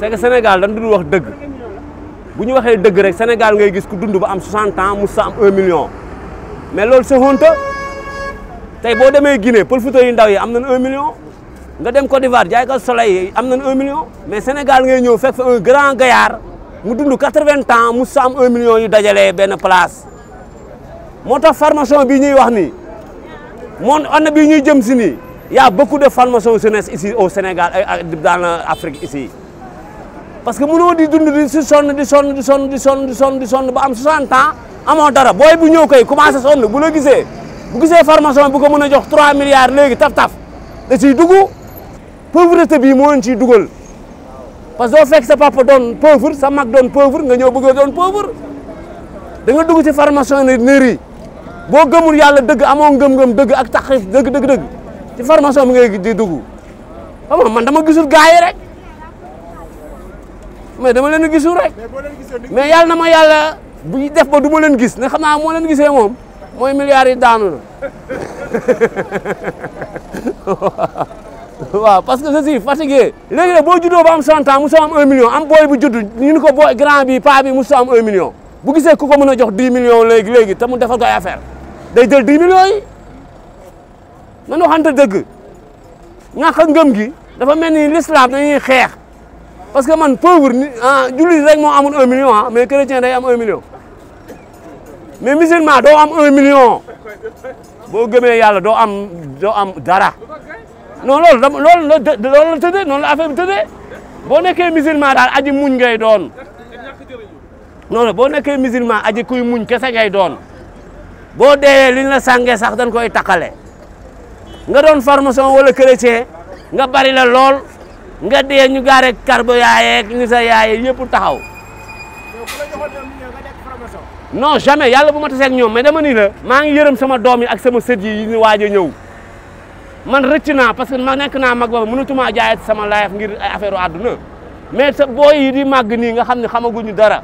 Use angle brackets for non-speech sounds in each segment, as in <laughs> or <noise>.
c'est que Sénégal dañ dul wax dëgg bu ñu waxee dëgg rek Sénégal ngay Sénégal, ku dund ba am 60 ans mu sa am 1 million. mais loolu c'est honteux tey boo demee Guinée pëlfutoo yu ndaw yi am nañ 1 million nga dem Côte d'Ivoire jaay ko soleil yi am a 1 million. mais Sénégal ngay ñëw fekk fa un grand gaillard mu dund 80 ans mu sa am 1 million yu dajalee benn place moo formation bii ñuy wax nii moom année bii ñuy jëm y a beaucoup de formations jeunesse ici au Sénégal euh, euh, dans l'Afrique ici. parce que mënoo di dund di si sonn di sonn di sonn di sonn di sonn di sonn ba am 60 ans amoo dara boy bu ñëw koy commencé sonn bu la gisee bu gisee formation bu ko mën a jox 3 milliards léegi taf-taf da ciy dugg pauvreté bi moo leen ciy dugal parce que doo fekk sa papa doon pauvre sa mag doon pauvre nga ñëw bëgg a doon pauvre da nga dugg ci formation ne neri boo gëmul yàlla dëgg amoo ngëm-ngëm dëgg ak taxif dëgg dëgg dëgg ci formation bi ngay di dugg xam man dama gisul gars yi rek. mais dama leen gisul rek mais yàlla na ma yàlla bu def ba du ma leen gis ne xam naa moo leen gisee moom mooy milliards yi daanu la <laughs> waaw parce que je suis fatigué léegi boo juddoo ba am 100 ans mu soo am 1 million am booy bu judd ñu ni ko booy grand bi paa bi mu soo am 1 million bu gisee ku ko mën a jox 10 millions léegi léegi te mu defal ko ay affaire day jël 10 millions yi man waxante dëgg ñàkk ngëm gi dafa mel ni l'islam dañuy xeex parce que man pauvre ni ah, rek moo amul un million ah mais chrétien day am un million mais musulman doo am un million boo gëmee yàlla doo am doo am dara non loolu lool loolu la loolu la tëddee noonu la affaire bi tëddee boo nekkee musulman daal aji muñ ngay doon non non boo nekkee musulman aji kuy muñ kese gay doon boo deewee li ñu la sàngee sax dañ koy takkale nga doon farmason wala chrétien nga bari la lool. nga de ñu garé carbo yaayeeg ñu sa yaayé yépp taxaw non jamais yalla bu ma tassé ak ñom mais dama ni la ma ngi yërem sama doomi ak sama sët yi ñu waja a ñëw man rëccina parce que ma nek na mag ba mënatuma jaay sama life ngir ay affaire àdduna mais sa boy yi di mag ni nga xamni xamagu ñu dara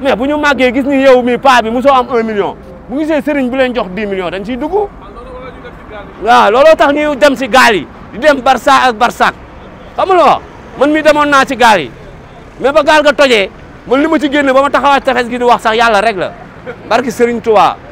mais bu ñu màggee gis ni yow mi pa bi musoo am 1 million bu gisé sëriñ bu leen jox 10 million dañ ci duggu wa lolo tax ñu dem ci gaal yi di dem barça ak barça xamuloo man mi demoon naa ci gaal yi mais ba gaal ga toje man li ma ci génne ba ma taxawaat tefes gi di wax sax yàlla rek la barki serin Touba